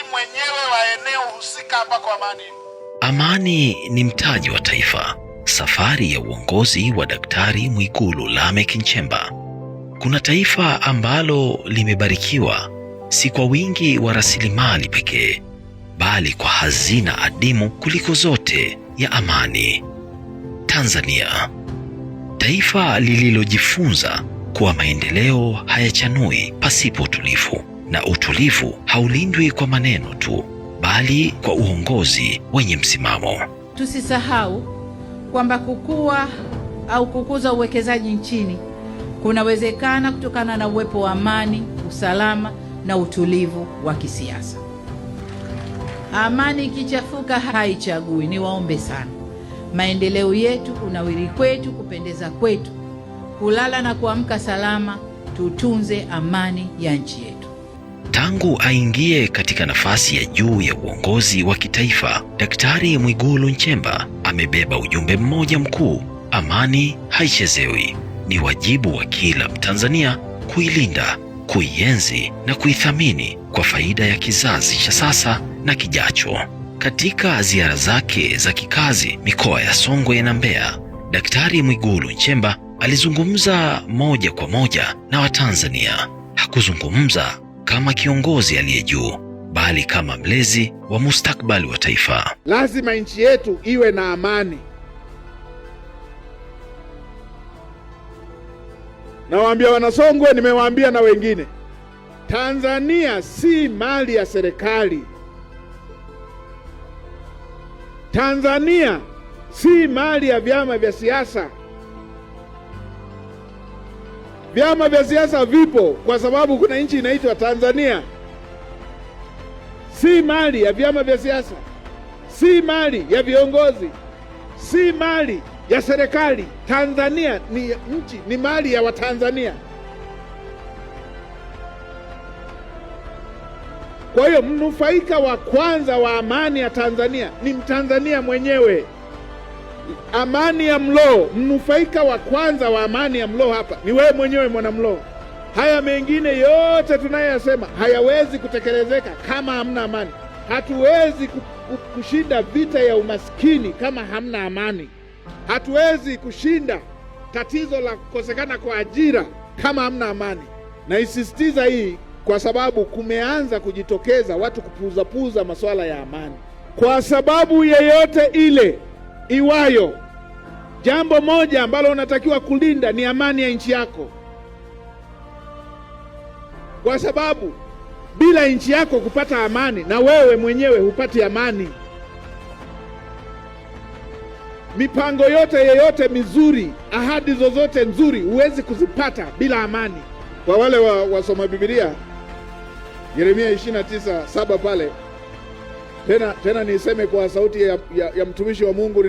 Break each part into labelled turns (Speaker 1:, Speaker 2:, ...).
Speaker 1: mwananchi mwenyewe wa eneo husika ambako amani. Amani ni mtaji wa taifa. Safari ya uongozi wa Daktari Mwigulu Lameck Nchemba. Kuna taifa ambalo limebarikiwa si kwa wingi wa rasilimali pekee, bali kwa hazina adimu kuliko zote ya amani, Tanzania, taifa lililojifunza kuwa maendeleo hayachanui pasipo utulivu na utulivu haulindwi kwa maneno tu, bali kwa uongozi wenye msimamo.
Speaker 2: Tusisahau kwamba kukua au kukuza uwekezaji nchini kunawezekana kutokana na uwepo wa amani, usalama na utulivu wa kisiasa. Amani ikichafuka haichagui. Niwaombe sana, maendeleo yetu, kunawiri kwetu, kupendeza kwetu, kulala na kuamka salama, tutunze amani ya nchi yetu.
Speaker 1: Tangu aingie katika nafasi ya juu ya uongozi wa kitaifa, Daktari Mwigulu Nchemba amebeba ujumbe mmoja mkuu: amani haichezewi. Ni wajibu wa kila Mtanzania kuilinda, kuienzi na kuithamini kwa faida ya kizazi cha sasa na kijacho. Katika ziara zake za kikazi mikoa ya Songwe na Mbeya, Daktari Mwigulu Nchemba alizungumza moja kwa moja na Watanzania. Hakuzungumza kama kiongozi aliye juu, bali kama mlezi wa mustakbali wa taifa.
Speaker 3: Lazima nchi yetu iwe na amani. Nawaambia Wanasongwe, nimewaambia na wengine, Tanzania si mali ya serikali. Tanzania si mali ya vyama vya siasa. Vyama vya siasa vipo kwa sababu kuna nchi inaitwa Tanzania. Si mali ya vyama vya siasa, si mali ya viongozi, si mali ya serikali. Tanzania ni nchi, ni mali ya Watanzania. Kwa hiyo mnufaika wa kwanza wa amani ya Tanzania ni Mtanzania mwenyewe amani ya Mloo, mnufaika wa kwanza wa amani ya Mloo hapa ni wewe mwenyewe mwana Haya mengine yote tunayoyasema hayawezi kutekelezeka kama hamna amani. Hatuwezi kushinda vita ya umaskini kama hamna amani. Hatuwezi kushinda tatizo la kukosekana kwa ajira kama hamna amani. Naisisitiza hii kwa sababu kumeanza kujitokeza watu kupuuzapuuza masuala ya amani kwa sababu yeyote ile iwayo, jambo moja ambalo unatakiwa kulinda ni amani ya nchi yako, kwa sababu bila nchi yako kupata amani, na wewe mwenyewe hupati amani. Mipango yote yeyote mizuri, ahadi zozote nzuri, huwezi kuzipata bila amani. Kwa wale wasoma wa Biblia, Yeremia 29:7 pale tena tena niseme kwa sauti ya, ya, ya mtumishi wa Mungu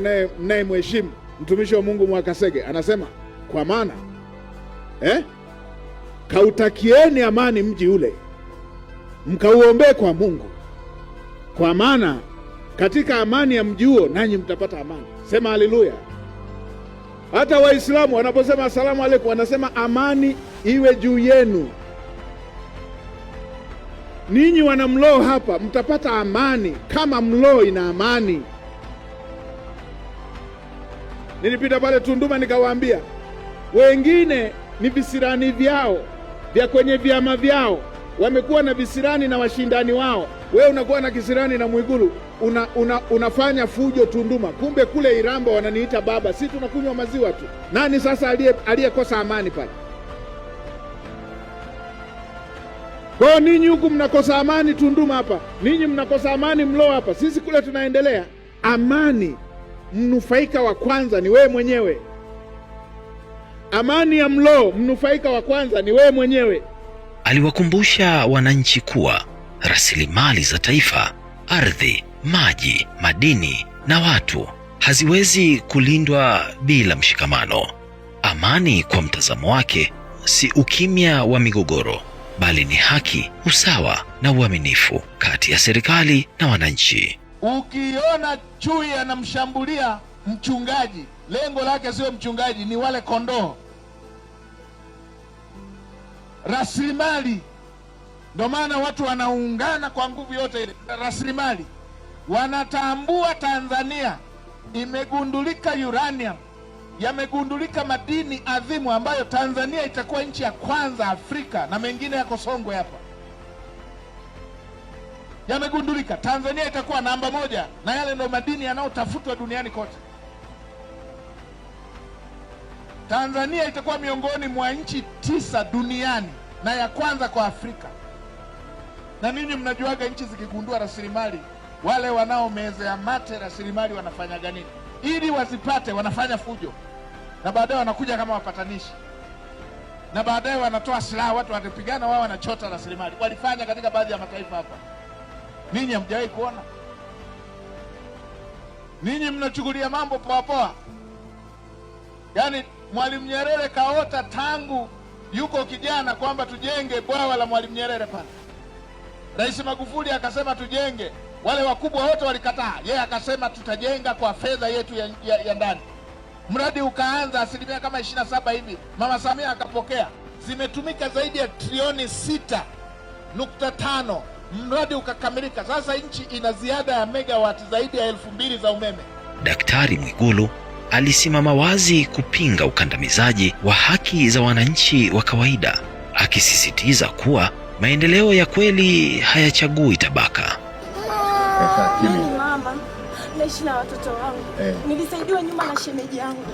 Speaker 3: mheshimu mtumishi wa Mungu Mwakasege anasema, kwa maana eh, kautakieni amani mji ule mkauombee kwa Mungu, kwa maana katika amani ya mji huo nanyi mtapata amani. Sema haleluya. Hata Waislamu wanaposema asalamu aleikum, wanasema amani iwe juu yenu. Ninyi wana mloo hapa mtapata amani kama mloo ina amani. Nilipita pale Tunduma nikawaambia, wengine ni visirani vyao vya kwenye vyama vyao, wamekuwa na visirani na washindani wao. Wewe unakuwa na kisirani na Mwigulu una, una, unafanya fujo Tunduma, kumbe kule Iramba wananiita baba, si tunakunywa maziwa tu. Nani sasa aliyekosa amani pale? Kwa hiyo ninyi huku mnakosa amani Tunduma hapa, ninyi mnakosa amani Mlo hapa, sisi kule tunaendelea amani. Mnufaika wa kwanza ni wewe mwenyewe. Amani ya Mlo, mnufaika wa kwanza ni wewe mwenyewe.
Speaker 1: Aliwakumbusha wananchi kuwa rasilimali za taifa, ardhi, maji, madini na watu haziwezi kulindwa bila mshikamano. Amani kwa mtazamo wake si ukimya wa migogoro bali ni haki, usawa na uaminifu kati ya serikali na wananchi.
Speaker 3: Ukiona chui anamshambulia mchungaji, lengo lake sio mchungaji, ni wale kondoo, rasilimali. Ndio maana watu wanaungana kwa nguvu yote ile, rasilimali. Wanatambua Tanzania imegundulika uranium yamegundulika madini adhimu ambayo Tanzania itakuwa nchi ya kwanza Afrika, na mengine yako Songwe hapa yamegundulika. Tanzania itakuwa namba moja, na yale ndio madini yanayotafutwa duniani kote. Tanzania itakuwa miongoni mwa nchi tisa duniani na ya kwanza kwa Afrika. Na ninyi mnajuaga nchi zikigundua rasilimali, wale wanaomezea mate rasilimali wanafanyaga nini? ili wazipate wanafanya fujo na baadaye wanakuja kama wapatanishi na baadaye wanatoa silaha, watu wanapigana, wao wanachota rasilimali. Walifanya katika baadhi ya mataifa hapa. Ninyi hamjawahi kuona? Ninyi mnachukulia mambo poapoa. Yaani Mwalimu Nyerere kaota tangu yuko kijana kwamba tujenge bwawa la Mwalimu Nyerere pale. Rais Magufuli akasema tujenge wale wakubwa wote walikataa, yeye akasema tutajenga kwa fedha yetu ya, ya, ya ndani. Mradi ukaanza asilimia kama ishirini na saba hivi, mama Samia akapokea, zimetumika zaidi ya trilioni sita nukta tano mradi ukakamilika. Sasa nchi ina ziada ya megawati zaidi ya elfu mbili za umeme.
Speaker 1: Daktari Mwigulu alisimama wazi kupinga ukandamizaji wa haki za wananchi wa kawaida, akisisitiza kuwa maendeleo ya kweli hayachagui tabaka.
Speaker 4: Yaani mama, naishi na watoto wangu eh. Nilisaidiwa nyuma na shemeji yangu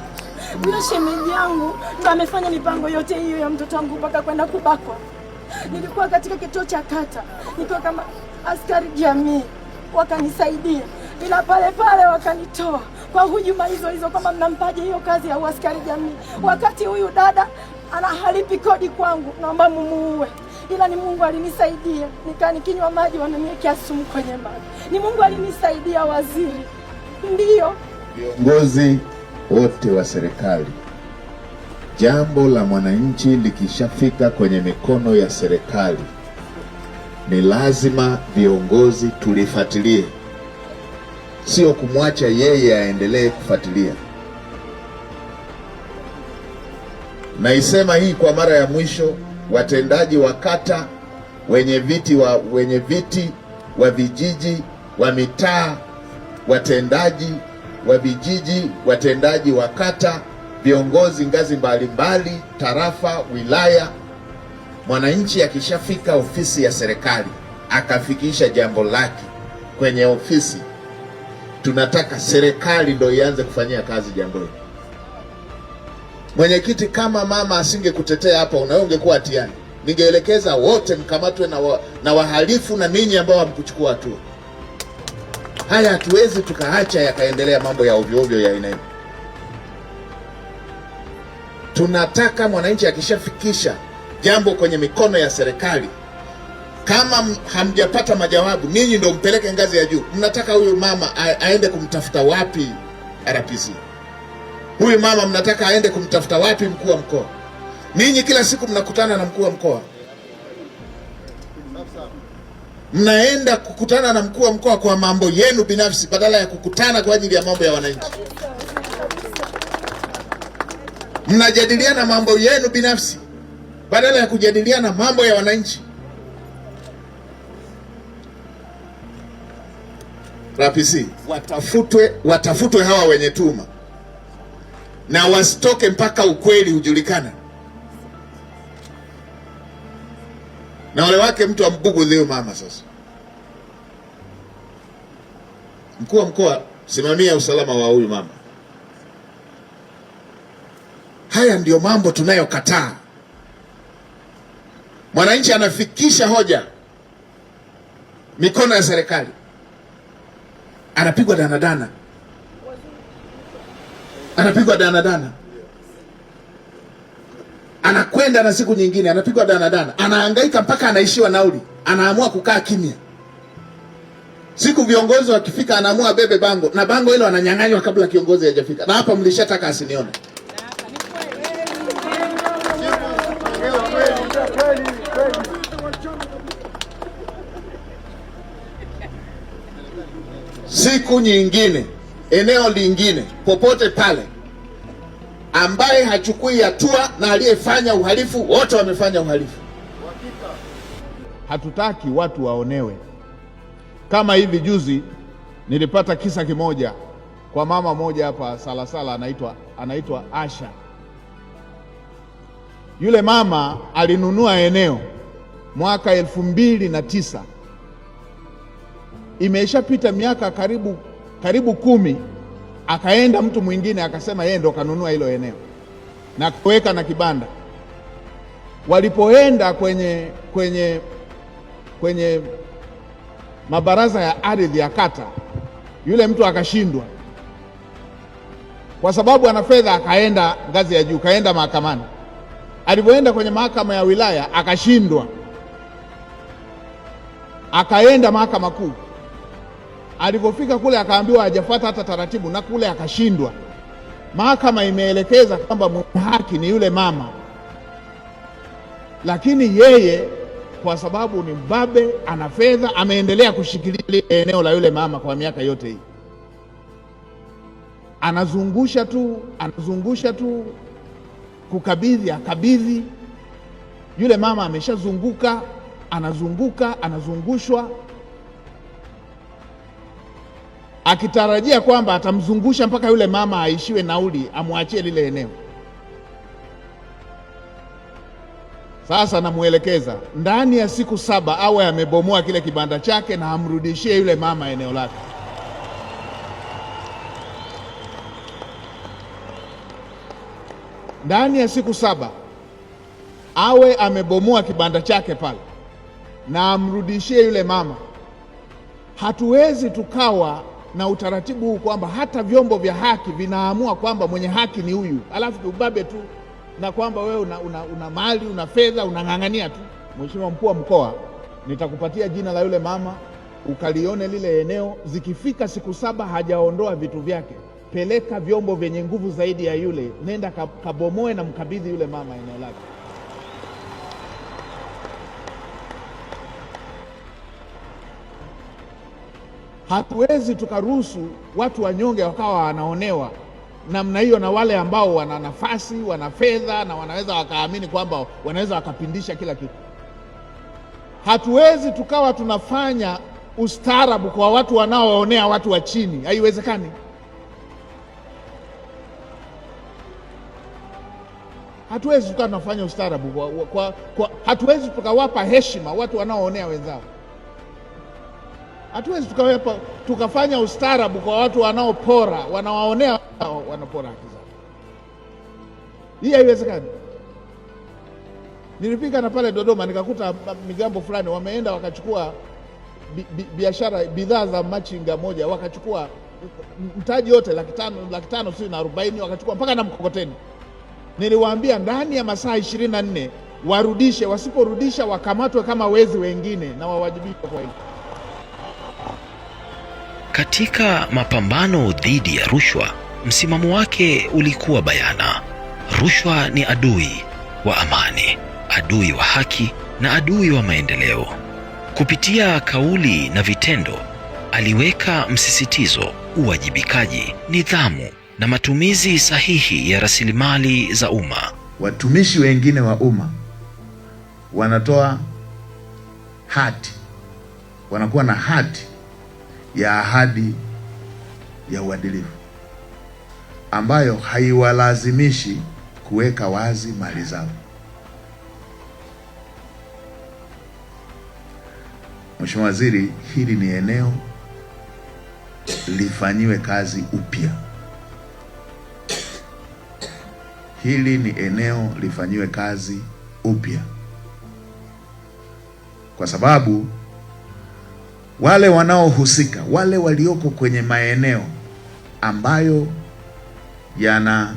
Speaker 4: huyo Shemeji yangu ndo amefanya mipango yote hiyo ya mtoto wangu mpaka kwenda kubakwa. Nilikuwa katika kituo cha kata nikiwa kama askari jamii, wakanisaidia bila pale pale wakanitoa kwa hujuma hizo hizo, kama mnampaje hiyo kazi ya uaskari jamii, wakati huyu dada ana halipi kodi kwangu, naomba mumuue ila ni Mungu alinisaidia, nikaa nikinywa maji wananiwekea sumu kwenye maji. Ni Mungu alinisaidia waziri. Ndiyo,
Speaker 5: viongozi wote wa serikali, jambo la mwananchi likishafika kwenye mikono ya serikali, ni lazima viongozi tulifuatilie, sio kumwacha yeye aendelee kufuatilia. Naisema hii kwa mara ya mwisho watendaji wa kata, wenye viti wa, wenye viti wa vijiji wa mitaa, watendaji wa vijiji, watendaji wa kata, viongozi ngazi mbalimbali, tarafa, wilaya. Mwananchi akishafika ofisi ya serikali akafikisha jambo lake kwenye ofisi, tunataka serikali ndio ianze kufanyia kazi jambo hilo. Mwenyekiti, kama mama asingekutetea hapa, unawe ungekuwa hatiani. Ningeelekeza wote mkamatwe na, wa, na wahalifu na ninyi ambao hamkuchukua hatua. Haya hatuwezi tukaacha yakaendelea mambo ya ovyo ovyo ya aina hii. Tunataka mwananchi akishafikisha jambo kwenye mikono ya serikali, kama hamjapata majawabu, ninyi ndio mpeleke ngazi ya juu. Mnataka huyu mama aende kumtafuta wapi RPC? Huyu mama mnataka aende kumtafuta wapi mkuu wa mkoa? Ninyi kila siku mnakutana na mkuu wa mkoa, mnaenda kukutana na mkuu wa mkoa kwa mambo yenu binafsi, badala ya kukutana kwa ajili ya mambo ya wananchi. Mnajadiliana mambo yenu binafsi badala ya kujadiliana mambo ya wananchi. RPC watafutwe, watafutwe hawa wenye tuma na wasitoke mpaka ukweli hujulikana. Na wale wake mtu ambugudhi huyo mama. Sasa mkuu wa mkoa, simamia usalama wa huyu mama. Haya ndiyo mambo tunayokataa. Mwananchi anafikisha hoja mikono ya serikali, anapigwa danadana anapigwa danadana, anakwenda na siku nyingine anapigwa danadana, anahangaika mpaka anaishiwa nauli, anaamua kukaa kimya. Siku viongozi wakifika, anaamua bebe bango na bango hilo ananyang'anywa kabla kiongozi hajafika. Na hapa mlishataka asinione siku nyingine eneo lingine popote pale, ambaye hachukui hatua na aliyefanya uhalifu, wote wamefanya uhalifu.
Speaker 6: Hatutaki watu waonewe. Kama hivi juzi nilipata kisa kimoja kwa mama moja hapa Salasala, anaitwa anaitwa Asha. Yule mama alinunua eneo mwaka elfu mbili na tisa, imeshapita miaka karibu karibu kumi, akaenda mtu mwingine akasema yeye ndo kanunua hilo eneo na kuweka na kibanda. Walipoenda kwenye, kwenye, kwenye mabaraza ya ardhi ya kata, yule mtu akashindwa kwa sababu ana fedha, akaenda ngazi ya juu, kaenda mahakamani. Alipoenda kwenye mahakama ya wilaya akashindwa, akaenda mahakama kuu. Alipofika kule akaambiwa hajafuata hata taratibu, na kule akashindwa. Mahakama imeelekeza kwamba mwenye haki ni yule mama, lakini yeye kwa sababu ni mbabe, ana fedha, ameendelea kushikilia lile eneo la yule mama kwa miaka yote hii, anazungusha tu, anazungusha tu, kukabidhi akabidhi. Yule mama ameshazunguka, anazunguka, anazungushwa akitarajia kwamba atamzungusha mpaka yule mama aishiwe nauli, amwachie lile eneo. Sasa namwelekeza ndani ya siku saba awe amebomoa kile kibanda chake na amrudishie yule mama eneo lake. Ndani ya siku saba awe amebomoa kibanda chake pale na amrudishie yule mama. Hatuwezi tukawa na utaratibu huu kwamba hata vyombo vya haki vinaamua kwamba mwenye haki ni huyu, alafu kiubabe tu na kwamba wewe una, una, una mali una fedha unang'ang'ania tu. Mheshimiwa mkuu wa mkoa, nitakupatia jina la yule mama ukalione lile eneo. Zikifika siku saba hajaondoa vitu vyake, peleka vyombo vyenye nguvu zaidi ya yule, nenda kabomoe na mkabidhi yule mama eneo lake. Hatuwezi tukaruhusu watu wanyonge wakawa wanaonewa namna hiyo na wale ambao wana nafasi, wana fedha na wanaweza wakaamini kwamba wanaweza wakapindisha kila kitu. Hatuwezi tukawa tunafanya ustaarabu kwa watu wanaoonea watu wa chini, haiwezekani. Hatuwezi tukawa tunafanya ustaarabu kwa, kwa, kwa, hatuwezi tukawapa heshima watu wanaoonea wenzao. Hatuwezi tukawepo tukafanya ustaarabu kwa watu wanaopora, wanawaonea wanapora haki zao. Hii haiwezekani. Nilifika na pale Dodoma nikakuta migambo fulani wameenda wakachukua biashara bidhaa za machinga moja, wakachukua mtaji wote laki tano laki tano sijui na arobaini, wakachukua mpaka na mkokoteni. Niliwaambia ndani ya masaa ishirini na nne warudishe, wasiporudisha wakamatwe kama wezi wengine na wawajibishwe kwa hiyo
Speaker 1: katika mapambano dhidi ya rushwa, msimamo wake ulikuwa bayana: rushwa ni adui wa amani, adui wa haki na adui wa maendeleo. Kupitia kauli na vitendo, aliweka msisitizo uwajibikaji, nidhamu na matumizi sahihi ya rasilimali za umma.
Speaker 5: Watumishi wengine wa umma wanatoa hati, wanakuwa na hati ya ahadi ya uadilifu ambayo haiwalazimishi kuweka wazi mali zao. Mheshimiwa Waziri, hili ni eneo lifanyiwe kazi upya. Hili ni eneo lifanyiwe kazi upya kwa sababu wale wanaohusika, wale walioko kwenye maeneo ambayo yana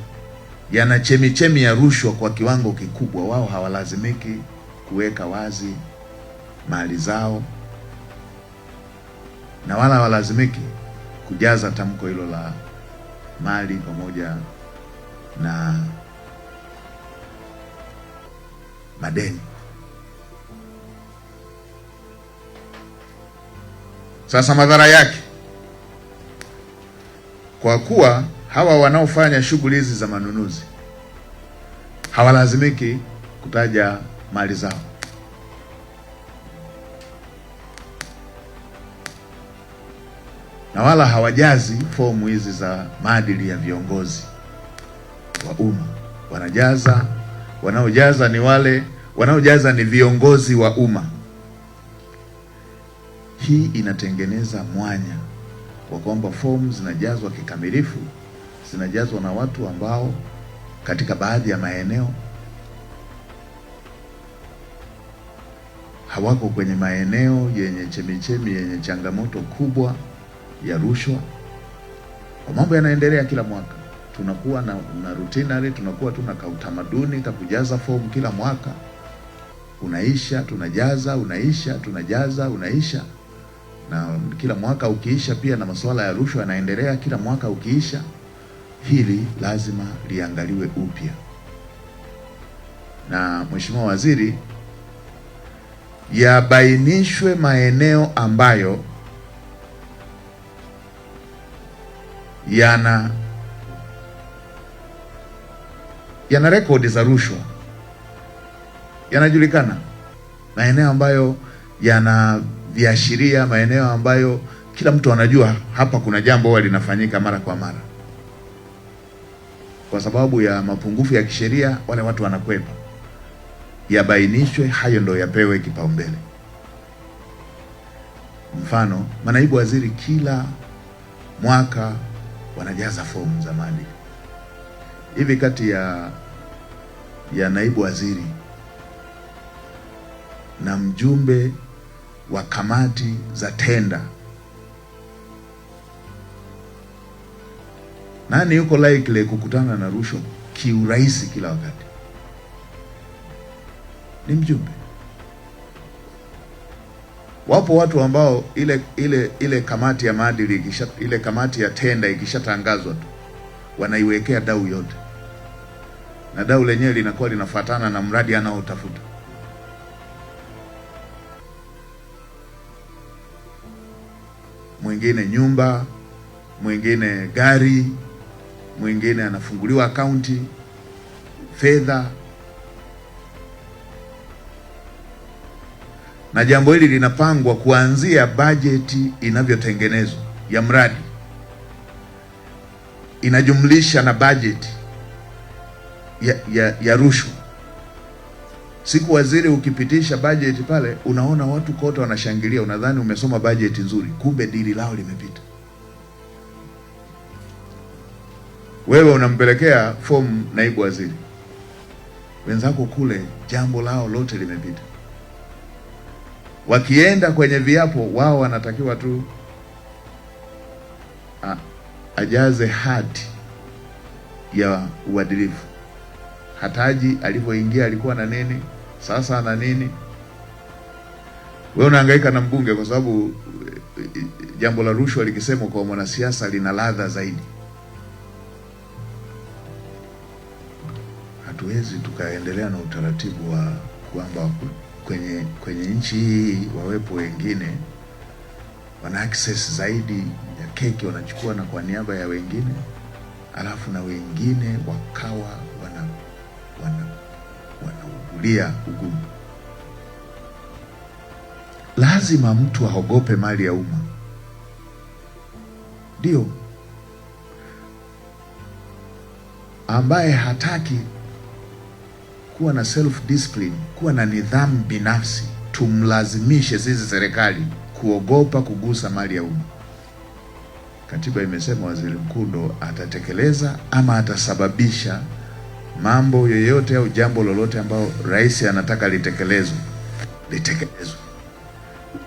Speaker 5: yana chemichemi ya rushwa kwa kiwango kikubwa, wao hawalazimiki kuweka wazi mali zao na wala hawalazimiki kujaza tamko hilo la mali pamoja na madeni. Sasa madhara yake, kwa kuwa hawa wanaofanya shughuli hizi za manunuzi hawalazimiki kutaja mali zao, na wala hawajazi fomu hizi za maadili ya viongozi wa umma. Wanajaza wanaojaza ni wale wanaojaza ni viongozi wa umma. Hii inatengeneza mwanya kwa kwamba fomu zinajazwa kikamilifu, zinajazwa na watu ambao katika baadhi ya maeneo hawako kwenye maeneo yenye chemichemi yenye changamoto kubwa ya rushwa. Kwa mambo yanaendelea kila mwaka, tunakuwa na, na rutinary, tunakuwa tuna kautamaduni ka kujaza fomu kila mwaka, unaisha tunajaza, unaisha tunajaza, unaisha na kila mwaka ukiisha, pia na masuala ya rushwa yanaendelea. Kila mwaka ukiisha, hili lazima liangaliwe upya, na Mheshimiwa Waziri, yabainishwe maeneo ambayo yana yana rekodi za rushwa yanajulikana, maeneo ambayo yana viashiria, maeneo ambayo kila mtu anajua hapa kuna jambo huwa linafanyika mara kwa mara. Kwa sababu ya mapungufu ya kisheria, wale watu wanakwepa. Yabainishwe hayo, ndo yapewe kipaumbele. Mfano, manaibu waziri kila mwaka wanajaza fomu za maadili. Hivi kati ya ya naibu waziri na mjumbe wa kamati za tenda. Nani yuko likely kukutana na rushwa kiurahisi kila wakati? Ni mjumbe. Wapo watu ambao ile ile ile kamati ya maadili ikisha, ile kamati ya tenda ikishatangazwa tu wanaiwekea dau yote, na dau lenyewe linakuwa linafuatana na mradi anaotafuta. mwingine nyumba, mwingine gari, mwingine anafunguliwa akaunti fedha. Na jambo hili linapangwa kuanzia bajeti inavyotengenezwa ya mradi, inajumlisha na bajeti ya, ya, ya rushwa. Siku waziri ukipitisha bajeti pale, unaona watu kote wanashangilia, unadhani umesoma bajeti nzuri, kumbe dili lao limepita. Wewe unampelekea fomu naibu waziri, wenzako kule jambo lao lote limepita. Wakienda kwenye viapo, wao wanatakiwa tu a, ajaze hati ya uadilifu hataji alivyoingia alikuwa na nini sasa ana nini? Wewe unahangaika na mbunge kwa sababu eh, eh, jambo la rushwa likisemwa kwa mwanasiasa lina ladha zaidi. Hatuwezi tukaendelea na utaratibu wa kwamba kwenye kwenye nchi hii wawepo wengine wana access zaidi ya keki wanachukua na kwa niaba ya wengine, alafu na wengine wakawa kulia ugumu. Lazima mtu aogope mali ya umma, ndio ambaye hataki kuwa na self discipline, kuwa na nidhamu binafsi. Tumlazimishe sisi serikali kuogopa kugusa mali ya umma. Katiba imesema waziri mkuu ndo atatekeleza ama atasababisha mambo yoyote au jambo lolote ambayo rais anataka litekelezwe litekelezwe.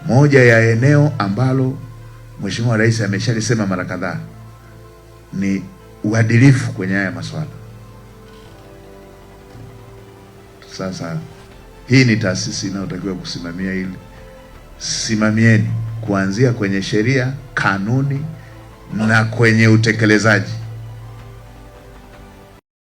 Speaker 5: Moja ya eneo ambalo mheshimiwa rais ameshalisema mara kadhaa ni uadilifu kwenye haya masuala. Sasa hii ni taasisi inayotakiwa kusimamia hili. Simamieni kuanzia kwenye sheria, kanuni na kwenye utekelezaji.